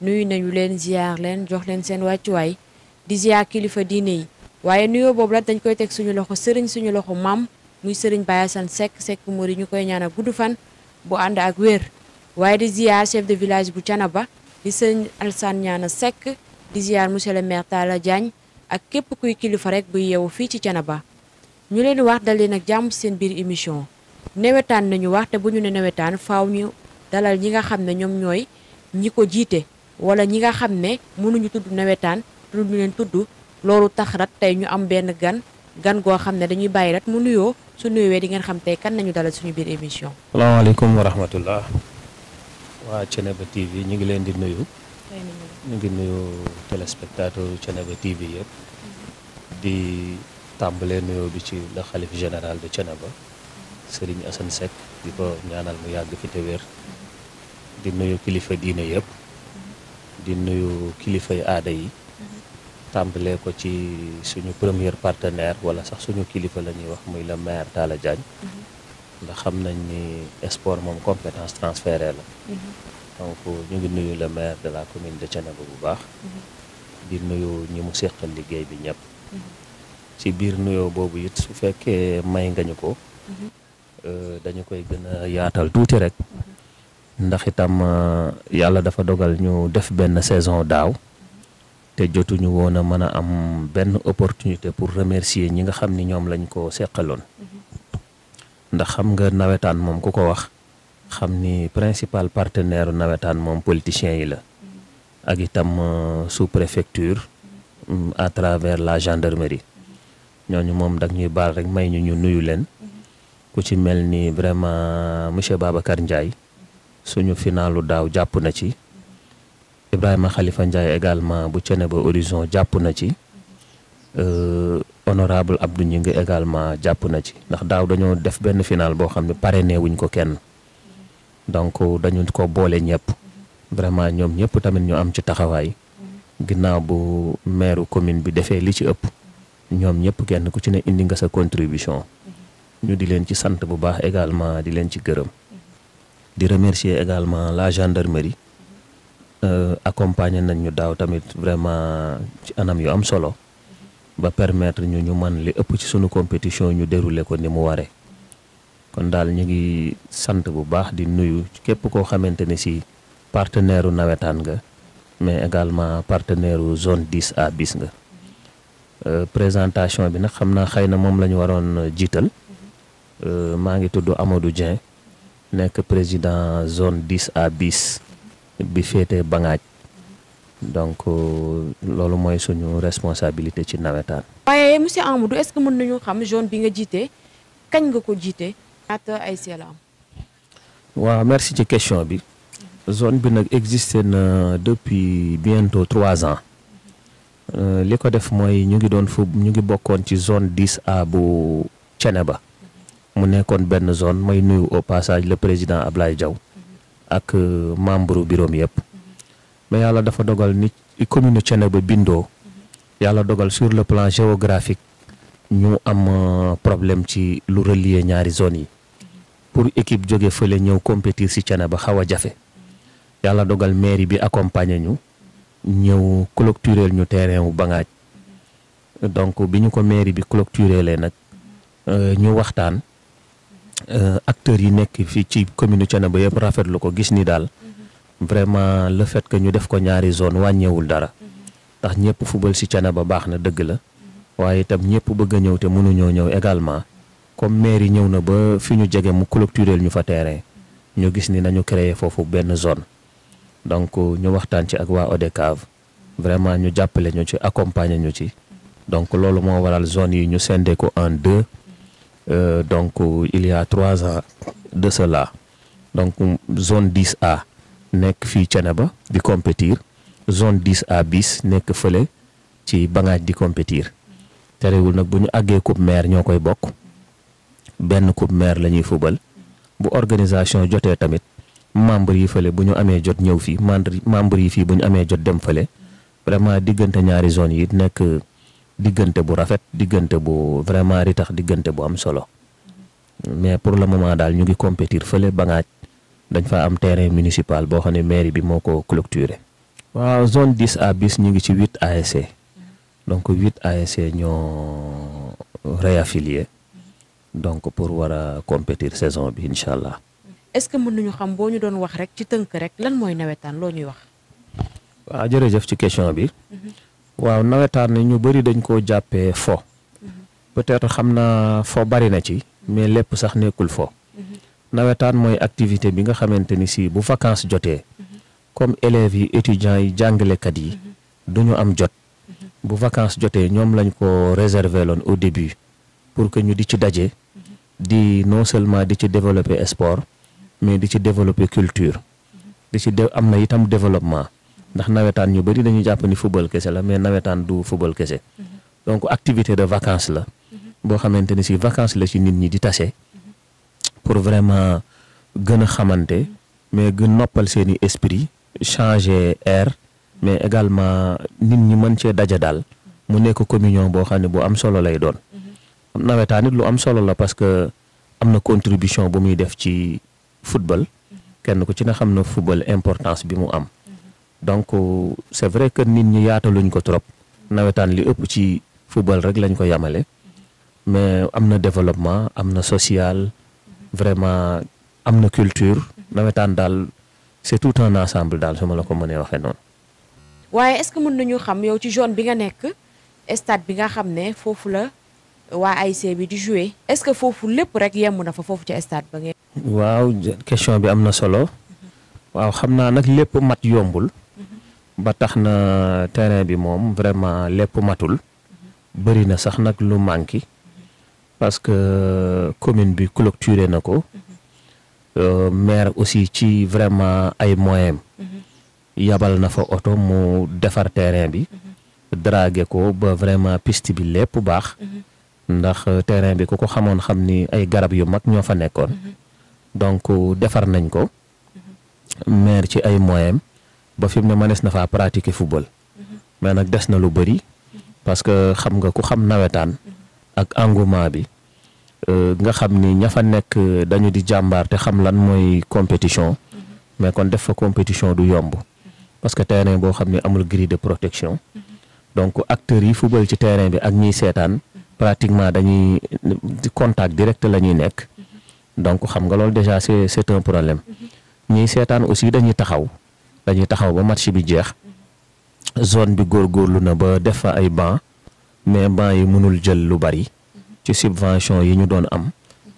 nuyu nañu leen ziar leen jox leen seen wàccuwaay di ziar kilifa diine yi waaye nuyoo boobu la dañ koy teg suñu loxo sëriñ suñu loxo maam muy sëriñ Baye Assane Seck Seck Mouride ñu koy ñaanal gudd fan bu ànd ak wér waaye di ziar chef de village bu ba di sëriñ Alsane ñaana Seck di ziar monsieur le maire Talla Diagne ak képp kuy kilifa rek buy yeewu fii ci ba ñu leen wax dal leen ak jàmm seen biir émission nawetaan nañu wax te bu ñu ne nawetaan faaw ñu dalal nga xam ne ñoom ñooy ñi ko jiite wala ñi nga xam ne mënuñu tudd nawetaan tudd ñu leen loolu tax rat tey ñu am benn gan gan goo xam ne dañuy bàyyi rat mu nuyoo su nuyoo di ngeen xam tey kan nañu dalal suñu biir émission. salaamaaleykum wa rahmatullah waa Thiénaba TV ñu ngi leen di nuyu. ñu ngi nuyu téléspectateur Thiénaba TV yëpp. Mhm. di tàmbalee nuyoo bi ci le xalif général de Thiénaba. Mhm. Serigne Assane Seck di ko ñaanal mu yàgg fi te wér. Mhm. di nuyu kilifa diine yëpp. di nuyu kilifay aada yi tàmbalee ko ci suñu première partenaire wala sax suñu kilifa la ñuy wax muy le maire Talla Diagne ndax xam nañ ni sport moom compétence transférée la donc ñu ngi nuyu le maire de la commune de Thiénaba bu baax di nuyu ñi mu séqal liggéey bi ñëpp ci biir nuyoo boobu it su fekkee may nga ñu ko mhm. euh, dañu koy gën yaatal tuuti rek ndax itam euh, yàlla dafa dogal ñu def benn saison daaw te jotuñu woon a mën a am benn opportunité pour remercier ñi nga xam ni ñoom lañ ko seqaloon mm-hmm. ndax xam nga nawetaan moom ku ko wax xam ni principal partenaire nawetaan moom politiciens yi la mm-hmm. ak itam euh, sous préfecture mm-hmm. à travers la gendarmerie ñooñu moom dag ñuy baal rek may ñu ñu nuyu leen ku ci mel ni vraiment monsieur Babacar Ndiaye. suñu finaalu daaw jàpp na ci Ibrahima xalifa Ndiaye également bu cene ba horizon jàpp na ci euh, honorable Abdou Gningue également jàpp na ci ndax daaw dañoo def benn final boo xam ne pare wuñ ko kenn donc dañu ko boole ñëpp vraiment ñoom ñëpp tamit ñu am ci taxawaay ginnaaw bu maire commune bi defee li ci ëpp ñoom ñëpp kenn ku ci ne indi nga sa contribution ñu di leen ci sant bu baax également di leen ci gërëm di remercier également la gendarmerie euh, accompagner nañ ñu daaw tamit vraiment ci anam yu am solo ba permettre ñu ñu man li ëpp ci sunu compétition ñu dérouler ko ni mu waree kon daal ñu ngi sant bu baax di nuyu képp koo xamante ne si partenaire u nawetaan nga mais également partenaire u zone 10 à bis nga euh, présentation bi nag xam naa xëy na moom la ñu waroon jiital euh, maa ngi tudd Amadou Dieng nekk président zone dix à bis bi féete Bangaaj donc euh, loolu mooy suñu responsabilité ci nawetaan. waaye monsieur Amadou est-ce que mën nañu xam zone bi nga jiite kañ nga ko jiite. ñaata ay see la am. waaw merci ci question bi. zone bi nag existé na depuis bientôt trois ans. Euh, li ko def mooy ñu ngi doon fu ñu ngi bokkoon ci zone dix A bu ba mu nekkoon benn zone may nuyu au passage le président Ablaye jaw ak euh, membre bureau mi yëpp mais yàlla dafa dogal nit commune ba bindoo yàlla dogal sur le plan géographique ñu am euh, problème ci lu relier ñaari zones yi pour équipe jóge fële ñëw compétir si Thiénaba xaw a jafe yàlla dogal mairie bi accompagner ñu ñëw clôturer ñu terrain wu Bangaaj donc bi ñu ko mairie bi clôturer lee nag euh, ñu waxtaan Euh, acteurs yi nekk fii ci commune Thiénaba yëpp rafetlu ko gis ni daal vraiment le fait que ñu def ko ñaari zone wàññeewul dara ndax ñëpp fubal si ba baax na dëgg la waaye itam ñëpp bëgg a ñëw te mënuñoo ñëw également comme maire yi ñëw na ba fi ñu jege mu clôturel ñu fa terrain ñu gis ni nañu créer foofu benn zone donc ñu waxtaan ci ak waa ODCAV vraiment ñu jàppale ñu ci accompagner ñu ci donc loolu moo waral zone yi ñu sendee ko en deux euh, donc il y trois ans de cela donc zone 10A nekk fii ba di compétir zone 10A bis nekk fële ci Bangaaj di compétir terewul nag bu ñu àggee coupe maire ñoo koy bokk benn coupe maire la ñuy fubal bu organisation jotee tamit membre yi fële bu ñu amee jot ñëw fii membre yi fii bu ñu amee jot dem fële vraiment diggante ñaari zone yi nekk. diggante bu rafet diggante bu vraiment ri tax diggante bu am solo mais pour le moment daal ñu ngi compétir fële Bangaaj dañ fa am terrain municipal boo xam ne mairie bi moo ko clôturé. waaw zone dis à bis ñu ngi ci 8 ASC donc 8 ASC ñoo réaffilié donc pour war a compétir saison bi incha allah. est-ce que mën nañu xam boo ñu doon wax rek ci tënk rek lan mooy nawetaan loo ñuy wax. waaw jërëjëf ci question bi. Mhm. waaw nawetaan ñu bëri dañ koo jàppee fo peut-être xam naa fo bari na ci mais lépp sax nekkul fo nawetaan mooy activité bi nga xamante ni si bu vacances jotee comme élèves yi étudiants yi jàngalekat yi du am jot bu vacance jotee ñoom lañ ko réserver loon au début pour que ñu di ci daje di non seulement di ci développer sport mais di ci développer culture di ci am na itam développement ndax nawetaan ñu bëri dañu jàpp ni football kese la mais nawetaan du football kese donc activité de vacances la boo xamante ni si vacances la ci nit ñi di tase pour vraiment gën a xamante mais gën noppal seeni esprit changé air mais également nit ñi mën cee daja daal mu nekk communion boo xam ne bu am solo lay doon nawetaan lu am solo la parce que am na contribution bu muy def ci football kenn ku ci na xam na football importance bi mu am donc euh, c'est vrai que nit ñi yaataluñ ko trop nawetaan li ëpp ci football rek lañ ko yamale mais am na développement am na social vraiment am na culture nawetaan daal c'est tout un ensemble daal su ma la ko mënee waxee noonu. waaye est-ce que mën nañu xam yow ci zone bi nga nekk stade bi nga xam ne foofu la waa AIC bi di jouer est-ce que foofu lépp rek yemb na fa foofu ci stade ba ngeen. waaw question bi am na solo. waaw xam naa nag lépp mat yombul. ba tax na terrain bi moom vraiment lépp matul bëri na sax nag lu manqué parce que commune bi clocturer na ko euh, maire aussi ci vraiment ay moyens yabal na fa oto mu defar terrain bi dragué ko ba vraiment piste bi lépp baax ndax terrain bi ku ko xamoon xam ni ay garab yu mag ñoo fa nekkoon donc defar nañ ko maire ci ay moyens ba fi ne mënees na faa pratiquer football mais nag des na lu bëri parce que xam nga ku xam nawetaan ak engouement bi euh, nga xam ni ña fa nekk dañu di jàmbaar te xam lan mooy compétition mais kon def fa compétition du yomb parce que terrain boo xam ne amul grille de protection donc acteurs yi football ci terrain bi ak ñiy seetaan pratiquement dañuy contact direct la ñuy nekk donc xam nga loolu déjà c'est c'est un problème ñiy seetaan aussi dañuy taxaw dañuy taxaw ba match bi jeex zone bi góor góorlu na ba def fa ay banc mais banc yi mënul jël lu bari ci subvention yi ñu doon am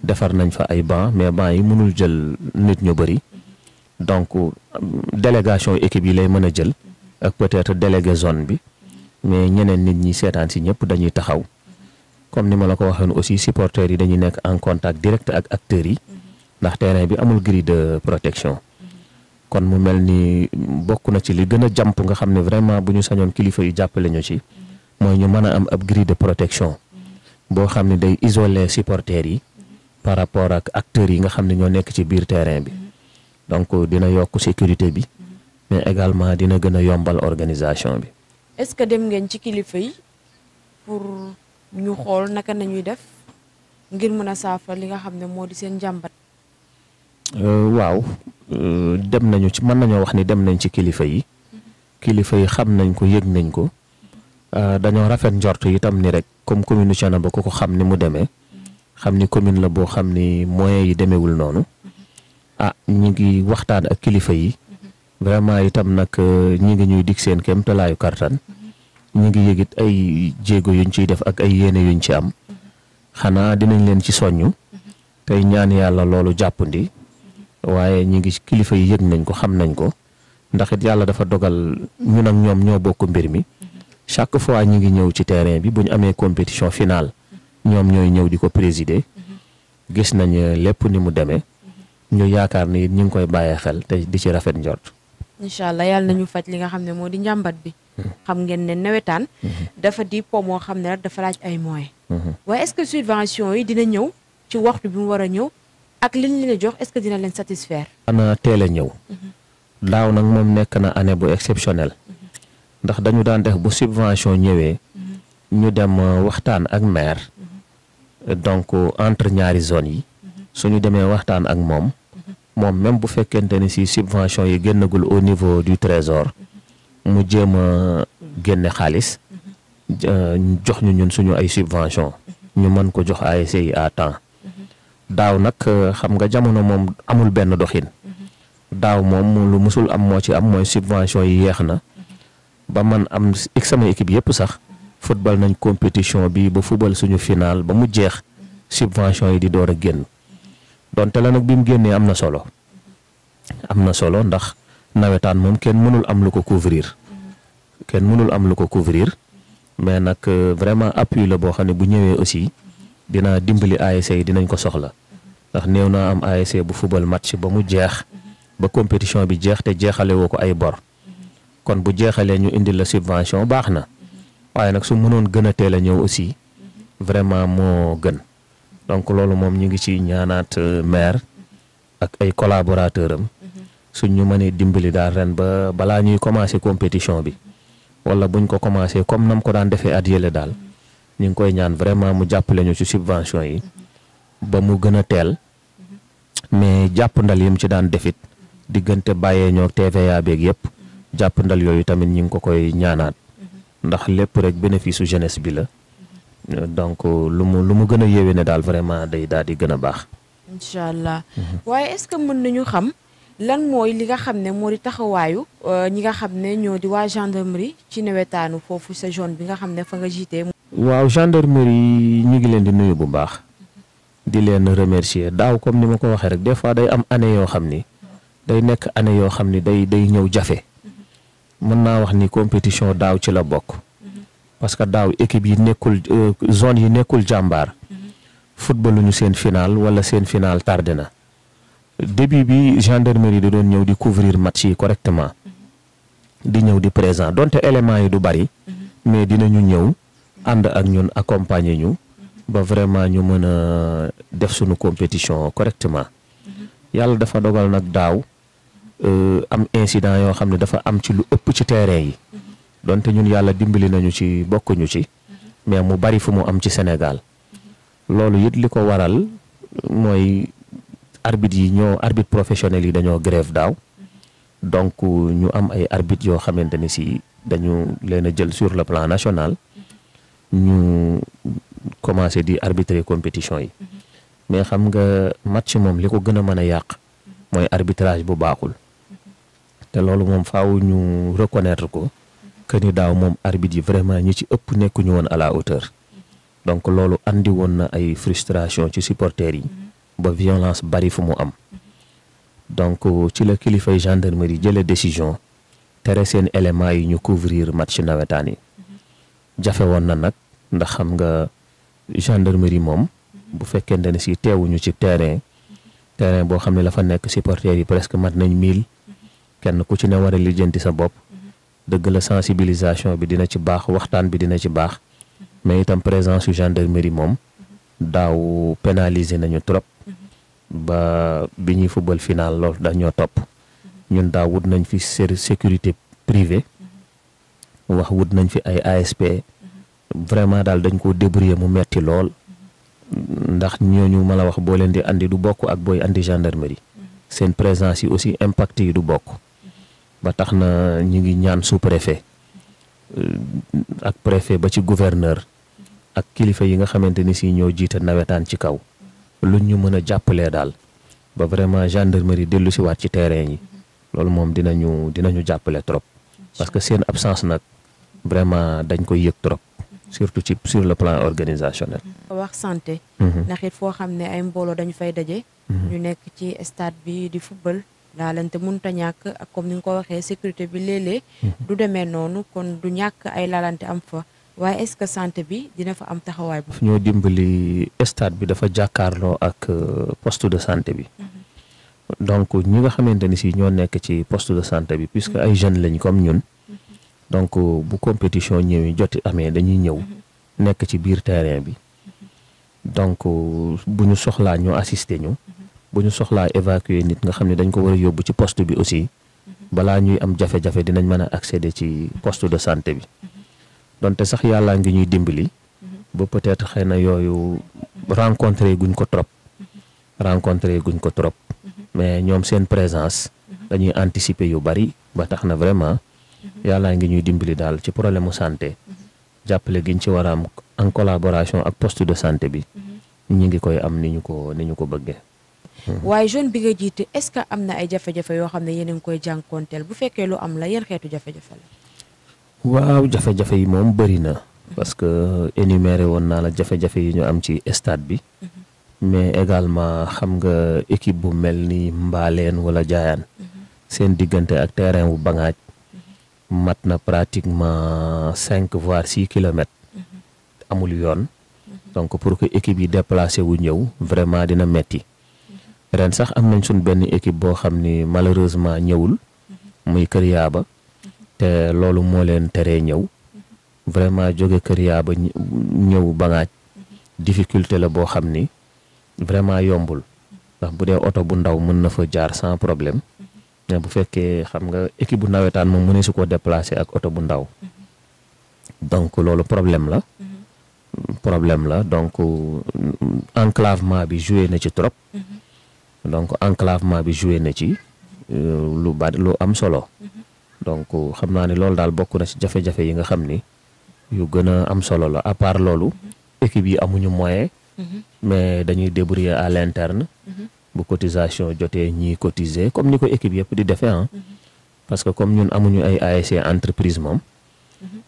defar nañ fa ay banc mais banc yi mënul jël nit ñu bari donc délégation équipe yi lay mën a jël ak peut-être délégué zone bi mais ñeneen nit ñi seetaan si ñëpp dañuy taxaw comme ni ma la ko waxoon aussi supporters yi dañuy nekk en contact direct ak acteurs yi ndax terrain bi amul grille de protection kon mu mel ni bokk na ci li gën a jàmp nga xam ne vraiment bu ñu sañoon kilifa yu jàppale ñu ci mooy ñu mën a am ab grille de protection boo xam ne day isoler supporters yi par rapport ak acteurs yi nga xam ne ñoo nekk ci biir terrain bi donc dina yokk sécurité bi mais également dina gën a yombal organisation bi. est-ce que dem ngeen ci kilifa yi pour ñu xool naka nañuy def ngir mën a saafar li nga xam ne moo di seen jàmbat. Euh, waaw euh, dem nañu ci mën nañoo wax ni dem nañ ci kilifa yi kilifa yi xam nañ ko yëg nañ ko euh, dañoo rafet njort itam ni rek comme commune na ku ko xam ni mu demee xam ni commune la boo xam ni moyens yi demewul noonu ah ñu ngi waxtaan ak kilifa yi vraiment itam nag ñi ngi ñuy dig seen kem kartan ñu ngi yëgit ay jéego yuñ ciy def ak ay yéene yuñ ci am xanaa dinañ leen ci soññ tey ñaan yàlla loolu jàppandi waaye ñu ngi kilifa yi yëg nañ ko xam nañ ko ndax it yàlla dafa dogal ñun ak ñoom ñoo bokk mbir mi chaque fois ñu ngi ñëw ci terrain bi bu ñu amee compétition finale ñoom ñooy ñëw di ko présider gis nañ euh, lépp ni mu demee ñu yaakaar ni ñu ngi koy bàyyee xel te di ci rafet njort. incha allah yàlla nañu faj li nga xam ne moo di njàmbat bi. xam ngeen ne nawetaan. dafa di po moo xam ne rek dafa laaj ay moyens. Mhm. waaye est-ce que subvention yi dina ñëw ci waxtu bi mu war a ñëw. ak li ñu leen jox est-ce que dina leen satisfaire. ana teel a ñëw. daaw nag moom nekk na année bu exceptionnelle. ndax dañu daan def bu subvention ñëwee. ñu dem euh, waxtaan ak maire. donc entre ñaari zones yi. suñu demee waxtaan ak moom. moom même bu fekkente ni si subvention yi génnagul au niveau du trésor. mu jéem a génne xaalis. Euh, jox ñu ñun suñu ay subvention ñu mën ko jox ASC yi à temps. daaw nag euh, xam nga jamono moom amul benn doxin daaw moom lu musul am moo ci am mooy subvention yi yeex na ba man am ik sama équipe yëpp sax football nañ compétition bi ba football suñu final ba mu jeex subvention yi di door a génn donte la nag bi mu génnee am na solo am na solo ndax nawetaan moom kenn mënul am lu ko couvrir kenn mënul am lu ko couvrir mais nag euh, vraiment appui la boo xam ne bu ñëwee aussi dinaa dimbali ASC yi dinañ ko soxla ndax néew na am ASC bu fubal match ba mu jeex ba compétition bi jeex te jeexale ko ay bor kon bu jeexalee ñu indi la subvention baax na waaye nag su mënoon gën a teel a ñëw aussi vraiment moo gën donc loolu moom ñu ngi ci ñaanaat euh, maire ak ay collaborateur am suñ ñu mënee dimbali daal ren ba balaa ñuy commencé compétition bi wala buñ ko commencé comme nam ko daan defee at yële daal ñu ngi koy ñaan vraiment mu jàppale ñu ci subvention yi ba mu gën a teel mais jàpp ndal mu ci daan defit diggante bàyyee ñoo TVA beeg yëpp jàppandal yooyu tamit ñu ngi ko koy ñaanaat ndax lépp rek bénéfice su jeunesse bi la donc lu mu lu mu gën a yéwee ne daal vraiment day daal di gën a baax. incha allah mhm. waaye est-ce que mën nañu xam lan mooy li nga xam ne moo di taxawaayu euh, ñi nga xam ne ñoo di waa gendarmerie ci nawetaanu foofu sa zone bi nga xam ne fa nga jiitee waaw gendarmerie ñu ngi leen di nuyu bu baax di leen remercier daaw comme ni ma ko waxee rek des fois day am année yoo xam ni day nekk année yoo xam ni day day ñëw jafe mën naa wax ni compétition daaw ci la bokk parce que daaw équipe yi nekkul euh, zone yi nekkul jàmbaar footballu ñu seen final wala seen final tardé na début bi gendarmerie da doon ñëw di couvrir match yi correctement di ñëw di présent donte éléments yi du bari mais dinañu ñëw. ànd ak ñun accompagner ñu ba vraiment ñu mën a def sunu compétition correctement mhm. yàlla dafa dogal nag daaw euh, am incidents yoo xam ne dafa am ci lu ëpp ci terrain yi mhm. donte ñun yàlla dimbali nañu ci bokkuñu ci mhm. mais mu bari fu mu am ci Sénégal loolu it li ko waral mooy arbitre yi ñoo arbitre professionnels yi dañoo grève daaw donc ñu am ay arbitre yoo xamante ne si dañu leen a jël sur le plan national ñu commencé di arbitrer compétition yi mm-hmm. mais xam nga match moom li ko gën a mën a yàq mm-hmm. mooy arbitrage bu baaxul mm-hmm. te loolu moom faw ñu reconnaître ko que ni daaw moom arbitre yi vraiment ñi ci ëpp nekkuñu woon à la hauteur donc loolu andi woon na ay frustration ci supporters yi ba violence bari fu mu am donc euh, ci la kilifay gendarmerie jëlee décision tere seen éléments yi ñu couvrir match nawetaan yi jafe woon na nag ndax xam nga gendarmerie moom bu fekkente ne si teewuñu ci terrain terrain boo xam ne la fa nekk supporters yi presque mat nañ miil kenn ku ci ne war a lijjanti sa bopp dëgg la sensibilisation bi dina ci baax waxtaan bi dina ci baax mais itam présence yu gendarmerie moom daaw pénaliser nañu trop ba bi ñuy football final lool dañoo topp ñun daaw wut nañ fi sécurité privée wax wut nañ fi ay ASP vraiment daal dañ koo débrouiller mu metti lool ndax ñooñu ma la wax boo leen di andi du bokk ak booy andi gendarmerie seen présence yi aussi impact yi du bokk ba tax na ñu ngi ñaan sous préfet euh, ak préfet ba ci gouverneur ak kilifa yi nga xamante ni si ñoo jiite nawetaan ci kaw luñ ñu mën a jàppale daal ba vraiment gendarmerie dellu si waat ci terrain yi loolu moom dinañu dinañu jàppale trop parce que seen absence nag vraiment dañ koy yëg trop surtout ci sur le plan organisationnel. wax santé. Mhm. ndax it foo xam ne ay mbooloo dañu fay daje. Mhm. ñu nekk ci stade bi di football. laalante mun a ñàkk ak comme ni nga ko waxee sécurité bi léeg-léeg mhm. du demee noonu kon du ñàkk ay laalante am fa waaye est-ce que santé bi dina fa am taxawaay bu ñoo dimbali stade bi dafa jàkkaarloo ak euh, poste de santé bi donc ñi nga xamante ni si ñoo nekk ci poste de santé bi puisque ay jeunes lañ comme ñun donc euh, bu compétition ñëwee jot amee dañuy ñëw mhm. nekk ci biir terrain bi mhm. donc euh, bu ñu soxlaa ñu assister ñu mhm. bu ñu soxlaa évacuer nit nga xam ne dañ ko war a yóbbu ci poste bi aussi balaa ñuy am jafe-jafe dinañ mën a accédé ci poste de santé bi donte sax yàllaa ngi ñuy dimbali ba peut-être xëy na yooyu rencontré guñ ko trop rencontré guñ ko trop mais ñoom seen présence dañuy anticiper yu bari ba tax na vraiment Mm-hmm. yàllaa ngi ñuy dimbali daal ci problème mu santé mm-hmm. jàppale giñ ci war am en collaboration ak poste de santé bi mm-hmm. ñu ngi koy am ni ñu ko ni ko bëggee. waaye jeune bi nga jiite est-ce que am na ay jafe-jafe yoo xam ne yéen a ngi koy jànkoonteel bu fekkee lu am la yan xeetu jafe-jafe la. waaw jafe-jafe yi moom bëri na. parce que énuméré woon naa la jafe-jafe yi ñu am ci stade bi. mais également xam nga équipe bu mel ni mbaaleen wala jaayaan. seen diggante ak terrain bu bangaaj mat na pratiquement cinq voire six kilomètres mm-hmm. amul yoon mm-hmm. donc pour que équipe yi déplacé wu ñëw vraiment dina metti mm-hmm. ren sax am nañ suñ benn équipe boo xam ni malheureusement ñëwul muy Kër Yaaba te loolu moo leen teree ñëw vraiment jóge Kër Yaaba ñëw Bangaaj difficulté la boo xam ni vraiment yombul ndax bu dee oto bu ndaw mën na fa jaar sans problème mais bu fekkee xam nga équipe bu nawetaan moom mënee su koo déplacé ak oto bu ndaw donc loolu problème la problème la donc enclavement bi joué na ci trop donc enclavement bi joué na ci euh, lu bari lu am solo donc xam naa ne loolu daal bokk na ci jafe-jafe yi nga xam ni yu gën a am solo la à part loolu équipe yi amuñu moyen mhm. mais dañuy débrouiller à l'interne mhm. bu cotisation jotee ñii cotiser comme ni ko équipe yëpp di defee ah. parce que comme ñun amuñu ay ASC entreprise moom.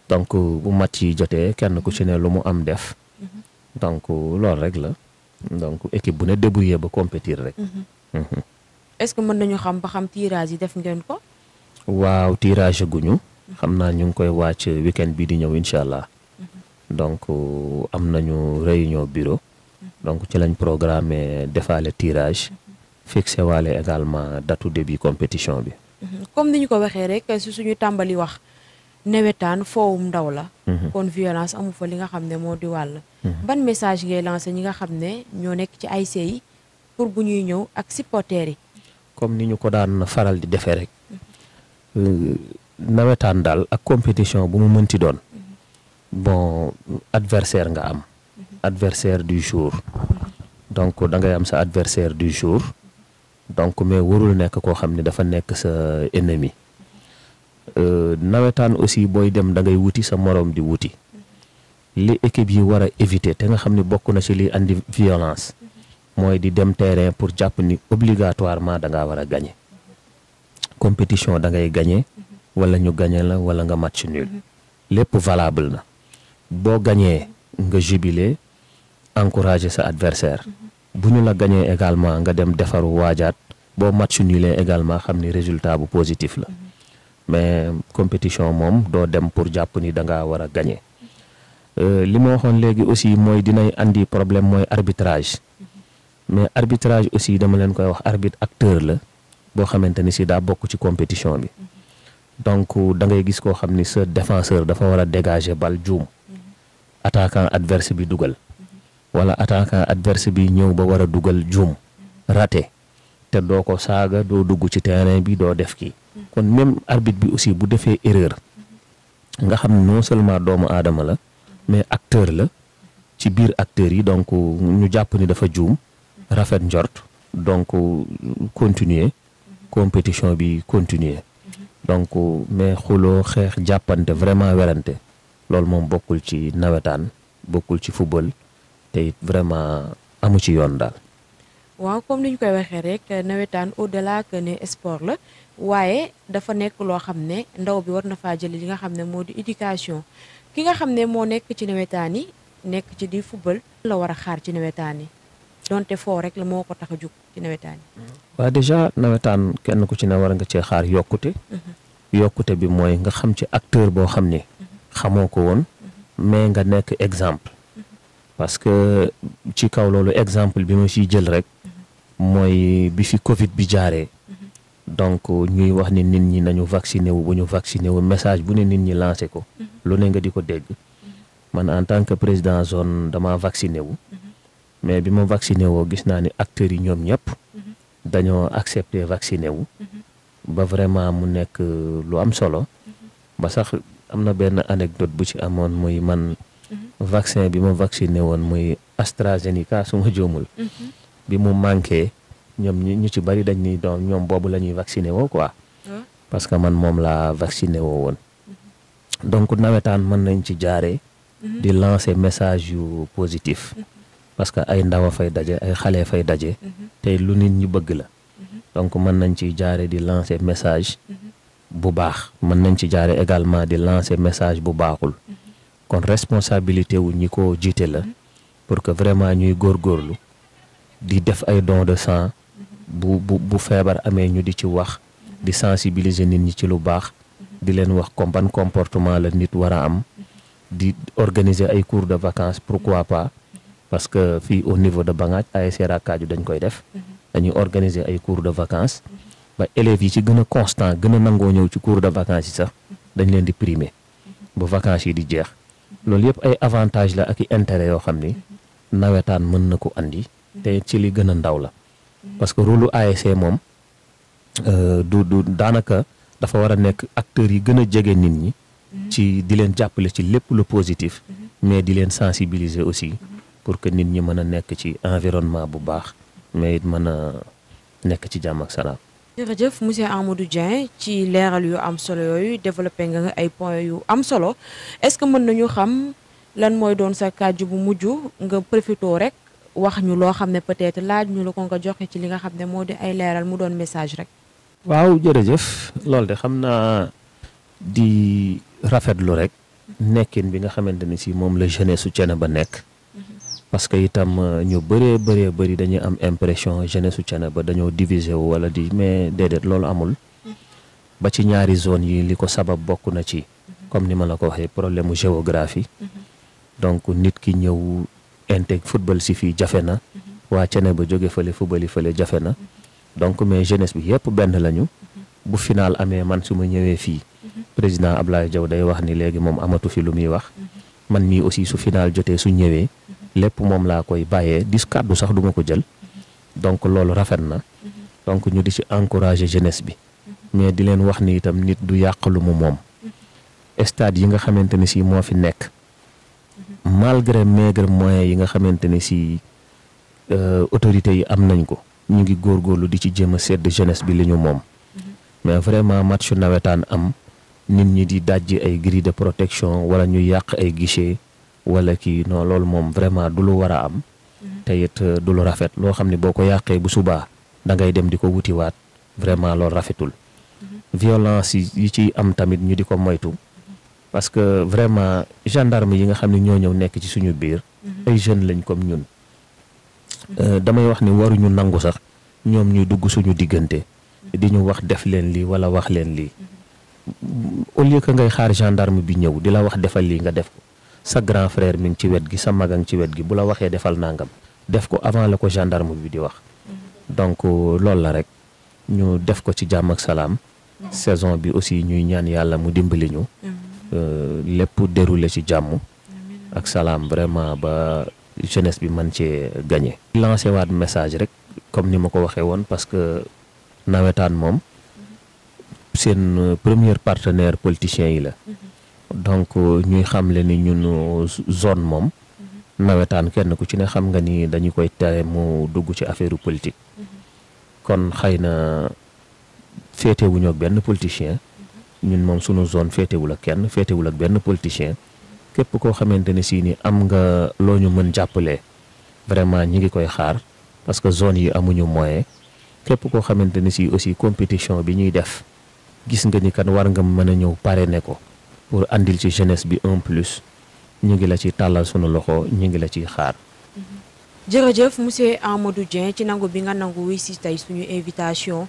donc bu mat yi jotee kenn ku ci ne lu mu am def. donc loolu rek la. donc équipe bu ne débrouillé ba compétir rek. est-ce que mën nañu xam ba xam tirage yi def ngeen ko. waaw tirage guñu. xam naa ñu ngi koy wàcc week bii di ñëw incha allah. donc am nañu réunion bureau. donc ci lañ programme defaale tirage fixé waale également datu début compétition bi. Mhm. comme ni ñu ko waxee rek si suñu tàmbali wax nawetaan foowum ndaw la. Mhm. kon violence amu fa li nga xam ne moo di wàll. Mhm. ban message ngay lancé ñi nga xam ne ñoo nekk ci ASC yi pour bu ñuy ñëw ak supporters yi. comme ni ñu ko daan faral di defee rek. Euh, nawetaan daal ak compétition bu mu mënti doon. bon adversaire nga am. adversaire du jour donc da ngay am sa adversaire du jour donc mais warul nekk koo xam ne dafa nekk sa ennemi euh, nawetaan aussi booy dem da ngay wuti sa moroom di wuti li équipe yi war a éviter te nga xam ne bokk na ci li indi violence mooy di dem terrain pour jàpp ni obligatoirement da ngaa war a gagner compétition da ngay gagner wala ñu gagner la wala nga match nul mm-hmm. lépp valable na boo gañee nga jubilé encourager sa adversaire bu ñu la gañee également nga dem defaru waajaat boo match nul également xam ni résultat bu positif la mais compétition moom doo dem pour jàpp ni da ngaa war a gañe euh, li ma waxoon léegi aussi mooy dinay indi problème mooy arbitrage mais arbitrage aussi dama leen koy wax arbitre acteur la boo xamante ni si daa bokk ci compétition bi donc da ngay gis koo xam ni sa défenseur dafa war a dégager bal juum attaquant adverse bi dugal wala attaquant adverse bi ñëw ba war a dugal juum raté te doo ko saaga doo dugg ci terrain bi doo def ki kon même arbitre bi aussi bu defee erreur nga xam ne non seulement doomu aadama la mais acteur la ci biir acteurs yi donc ñu jàpp ni dafa juum rafet njort donc continuer compétition bi continuer donc mais xuloo xeex jàppante vraiment werante loolu moom bokkul ci nawetaan bokkul ci football te it vraiment amu ci yoon daal. waaw comme ni koy waxee rek nawetaan de delà que ne sport la waaye dafa nekk loo xam ne ndaw bi war na faa jëli li nga xam ne moo di éducation ki nga xam ne moo nekk ci nawetaan yi nekk ci di football la war a xaar ci nawetaan yi donte foo rek la moo ko tax a jóg ci nawetaan yi. Mm-hmm. waaw déjà nawetaan kenn ku ci ne war nga cee xaar yokkute. Mm-hmm. yokkute bi mooy nga xam ci acteur boo xam ni. Mm-hmm. xamoo ko woon mais nga nekk exemple. parce que ci kaw loolu exemple bi ma fiy jël rek mooy bi fi Covid bi jaaree donc ñuy wax ni nit ñi nañu vacciné wu bu ñu vacciné wu message bu ne nit ñi lancé ko lu ne nga di ko dégg man en tant que président zone dama vacciné wu mais bi ma vacciné woo gis naa ni acteurs yi ñoom ñëpp dañoo accepté vacciné wu ba vraiment mu nekk lu am solo ba sax am na benn anecdote bu ci amoon muy man vaccin bi ma vacciné woon muy AstraZeneca su jóomul mhm. bi mu manqué ñoom ñu ci bari dañ ni doon ñoom boobu la ñuy vacciné woo quoi ah. parce que man moom laa vacciné woo woon mhm. donc nawetaan mën nañ ci jaaree mhm. di lancer message yu positif parce que ay ndaw a fay daje ay xale daje tey lu nit ñi bëgg la donc mën nañ ci jaare di lancer message bu baax mën nañ ci jaaree également di lancer message bu baaxul kon responsabilité wu ñi ko jiite la pour que vraiment ñuy góorgóorlu di def ay don de sang bu bu feebar amee ñu di ci wax di sensibiliser nit ñi ci lu baax di leen wax comme ban comportement la nit war a am di organiser ay cours de vacances pourquoi pas parce que fii au niveau de Bangaaj ASC Rakkaaju dañ koy def dañuy organiser ay cours de vacance ba élèves yi ci gën a constant gën a nangoo ñëw ci cours de vacances yi sax dañ leen di primer ba vacances yi di jeex loolu yëpp ay avantage la ak i intérêt yoo xam ni nawetaan mën na ko andi te ci li gën a ndaw la parce que rôle ASC moom euh, du du daanaka dafa war a nekk acteurs yi gën a jege nit ñi ci di leen jàppale ci lépp lu positif mais di leen sensibiliser aussi pour que nit ñi mën a nekk ci environnement bu baax mais it mën a nekk ci jàmm ak salaam jërëjëf monsieur Amadou Dieng ci leeral yu am solo yooyu développé nga ay points yu am solo est-ce que mën nañu xam lan mooy doon sa kàjju bu mujj nga profité rek wax ñu loo xam ne peut-être laaj ñu la ko nga joxe ci li nga xam ne moo di ay leeral mu doon message rek. waaw jërëjëf loolu de xam naa di rafetlu rek nekkin bi nga xamante ne si moom la jeunesse su ba nekk. parce que itam euh, ñu bëree bëree bëri dañuy am impression jeunesse su ba dañoo diviser wu wala di mais déedéet loolu amul ba ci ñaari zone yi li ko sabab bokk na ci comme ni ma la ko waxee problème mu géographie donc nit ki ñëw intègre football si fii jafe na waa Thiénaba jóge fële football yi fële jafe na donc mais jeunesse bi yëpp benn lañu bu finaal amee man su ma ñëwee fii président Ablaye jaw day wax ni léegi moom amatu fi lu muy wax man mii aussi su final jotee su ñëwee. lépp moom laa koy bàyyee dis sax duma ko jël donc loolu rafet na donc ñu di ci encourager jeunesse bi mais di leen wax ni itam nit du yàq lu mu moom stade yi nga xamante ne si moo fi nekk malgré maigre moyens yi nga xamante ne si euh, autorités yi am nañ ko ñu ngi góor góorgóorlu di ci jéem sedd jeunesse bi li ñu moom mais vraiment matchu nawetaan am nit ñi di dàjj ay grille de protection wala ñu yàq ay guichet wala kii noo loolu moom vraiment du lu war a am mm-hmm. te it euh, du lu rafet loo xam ne boo ko yàqee bu subaa da ngay dem di ko wutiwaat vraiment loolu rafetul mm-hmm. violence yi ci am tamit ñu di ko moytu mm-hmm. parce que vraiment gendarme yi nga xam ne ñoo ñëw nekk ci suñu biir ay jeunes lañ comme ñun euh, damay wax ni waruñu nangu sax ñoom ñuy dugg suñu diggante di ñu wax def leen lii wala wax leen lii au lieu que ngay xaar gendarme bi ñëw di la wax defal lii nga def ko sa grand frère mi ngi ci wet gi sa mag ngi ci wet gi bu la waxee defal nangam def ko avant la ko gendarme bi di wax mm-hmm. donc euh, loolu la rek ñu def ko ci jàmm ak salaam mm-hmm. saison bi aussi ñuy ñaan yàlla mu dimbali ñu mm-hmm. euh, lépp déroulé ci jàmm ak salaam vraiment ba jeunesse bi man ci gagné. lancé waat message rek comme ni ma ko waxee woon parce que nawetaan moom seen première partenaire politicien yi la. donc ñuy xamle ni ñun zone moom mhm. nawetaan kenn ku ci ne xam nga ni dañu koy tere mu dugg ci affaire politique mhm. kon xëy na féetewuñu benn politicien mhm. ñun moom sunu zone féetewul ak kenn féetewul ak benn politicien képp koo xamante ne si ni am nga loo ñu mën jàppale vraiment ñi ngi koy xaar parce que zone yi amuñu moyen képp koo xamante ne si aussi compétition bi ñuy def gis nga ni kan war nga mën a ñëw ne ko. pour andil ci jeunesse bi un plus ñu ngi la ci tàllal sunu loxo ñu ngi la ciy xaar. jërëjëf monsieur Amadou Dieng ci nangu bi nga nangu wuy si tey suñu invitation.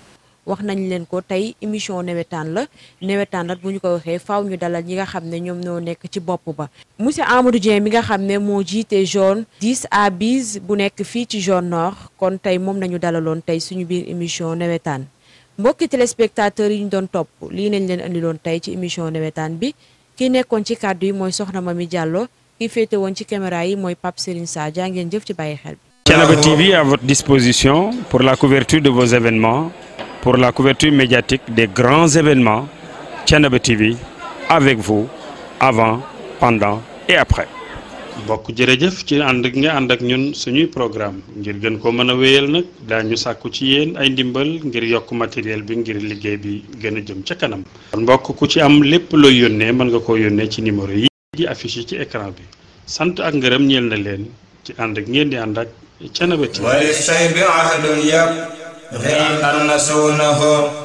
wax nañ leen ko tey émission nawetaan la nawetaan nag bu ñu ko waxee faw ñu dalal ñi nga xam ne ñoom ñoo nekk ci bopp ba monsieur Amadou Dieng bi nga xam ne moo jiite zone 10 à Bise bu nekk fii ci zone nord kon tey moom nañu dalaloon tey suñu biir émission nawetaan mbokki téléspectateurs yi ñu doon topp lii nañ leen indiloon tey ci émission nawetaan bi ki nekkoon ci kàddu yi mooy Soxna ma mi Diallo ki féete woon ci caméra yi mooy Pape Serigne Sa jaa ngeen jëf ci bàyyi xel bi. Thiénaba TV à votre disposition pour la couverture de vos événements pour la couverture médiatique des grands événements Thiénaba TV avec vous avant pendant et après. mbokk jërëjëf ci ànd ak nga ànd ak ñun suñuy programme ngir gën ko mën a wéyal nag daañu sàkku ci yéen ay ndimbal ngir yokk matériel bi ngir liggéey bi gën jëm ca kanam kon mbokk ku ci am lépp looy yónnee mën nga ko yónnee ci numéro yi di affiché ci écran bi sant ak ngërëm ñeel na leen ci ànd ak ngeen di ànd ak Thiénaba TV wali say bi ahdun yab ri an na